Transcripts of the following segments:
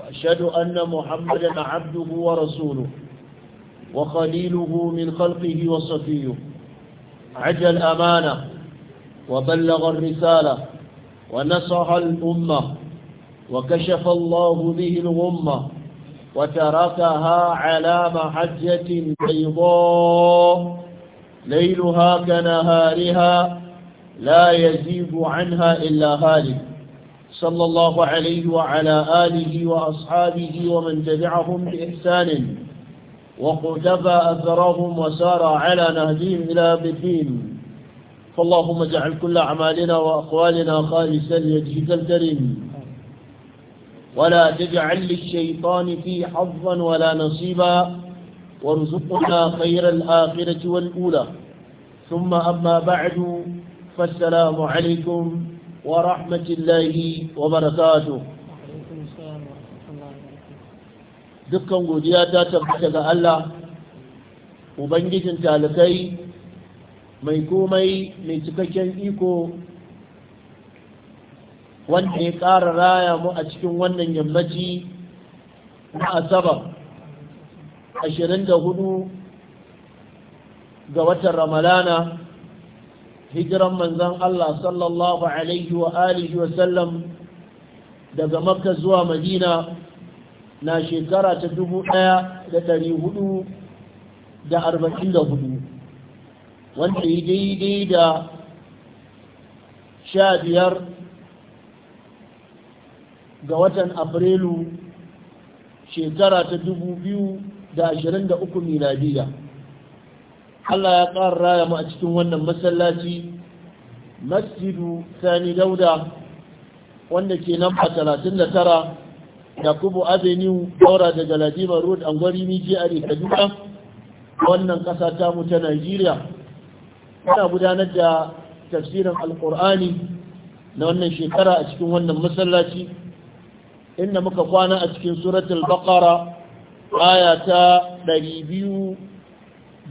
وأشهد أن محمدا عبده ورسوله وخليله من خلقه وصفيه عجل الأمانة وبلغ الرسالة ونصح الأمة وكشف الله به الغمة وتركها على محجة بيضاء ليلها كنهارها لا يزيد عنها إلا هالك صلى الله عليه وعلى آله وأصحابه ومن تبعهم بإحسان وقتفى أثرهم وسار على نهجهم إلى بالدين فاللهم اجعل كل أعمالنا وأقوالنا خالصا لوجهك الكريم ولا تجعل للشيطان في حظا ولا نصيبا وارزقنا خير الآخرة والأولى ثم أما بعد فالسلام عليكم ورحمة الله وبركاته dukkan godiya ta tabbata ga Allah ubangijin talikai mai komai mai cikakken iko wanda ya ƙara raya mu a cikin wannan yammaci na asaba 24 ga watan ramalana hijiran manzan Allah sallallahu alaihi wa alihi wa sallam daga makka zuwa madina na shekara ta dubu ɗaya da ɗari hudu da arba'in da hudu wanda yi daidai da sha biyar ga watan afrilu shekara ta dubu biyu da ashirin da uku miladiya Allah ya ƙara raya mu a cikin wannan masallaci masjidu sani dauda wanda ke nan a talatin da tara yakubu avenue daura da galadima road an gwari miji a kaduna wannan ƙasa ta mu ta nigeria yana gudanar da tafsirin alƙur'ani na wannan shekara a cikin wannan masallaci inda muka kwana a cikin suratul bakara aya ta biyu.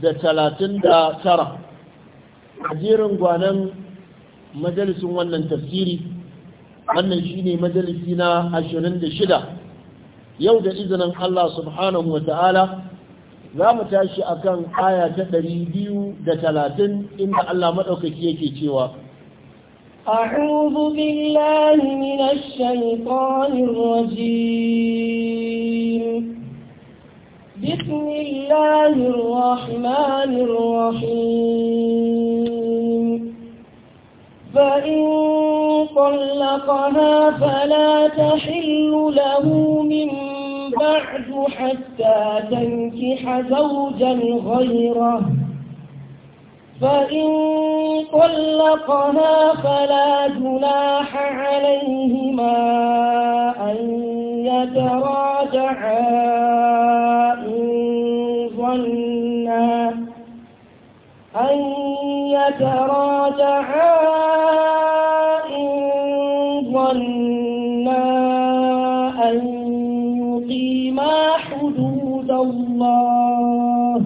da talatin da tara a jerin gwanan majalisun wannan tafsiri wannan shine majalisi na ashirin da shida yau da izinin Allah subhanahu wa ta'ala za mu tashi akan aya ta ɗari biyu da talatin inda Allah maɗaukaki yake cewa أعوذ بالله من الشيطان الرجيم بسم الله الرحمن الرحيم فإن طلقها فلا تحل له من بعد حتى تنكح زوجا غيره فإن طلقها فلا جناح عليهما أن يتراجعا ظنا أن يتراجعا إن ظنا أن يقيما حدود الله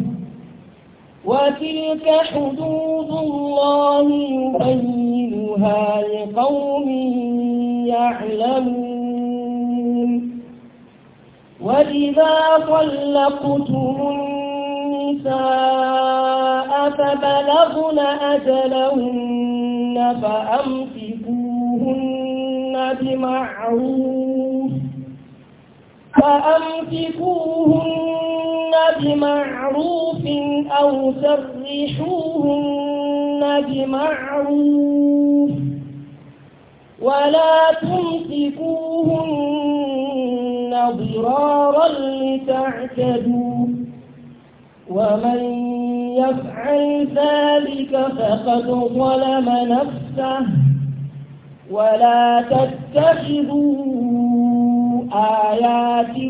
وتلك حدود الله يبينها لقوم يعلمون وإذا طلقتم النساء فبلغن أجلهن فأمسكوهن بمعروف فأمسكوهن بمعروف أو سرحوهن بمعروف ولا تمسكوهن ضرارا لتعتدوا ومن يفعل ذلك فقد ظلم نفسه ولا تتخذوا آيات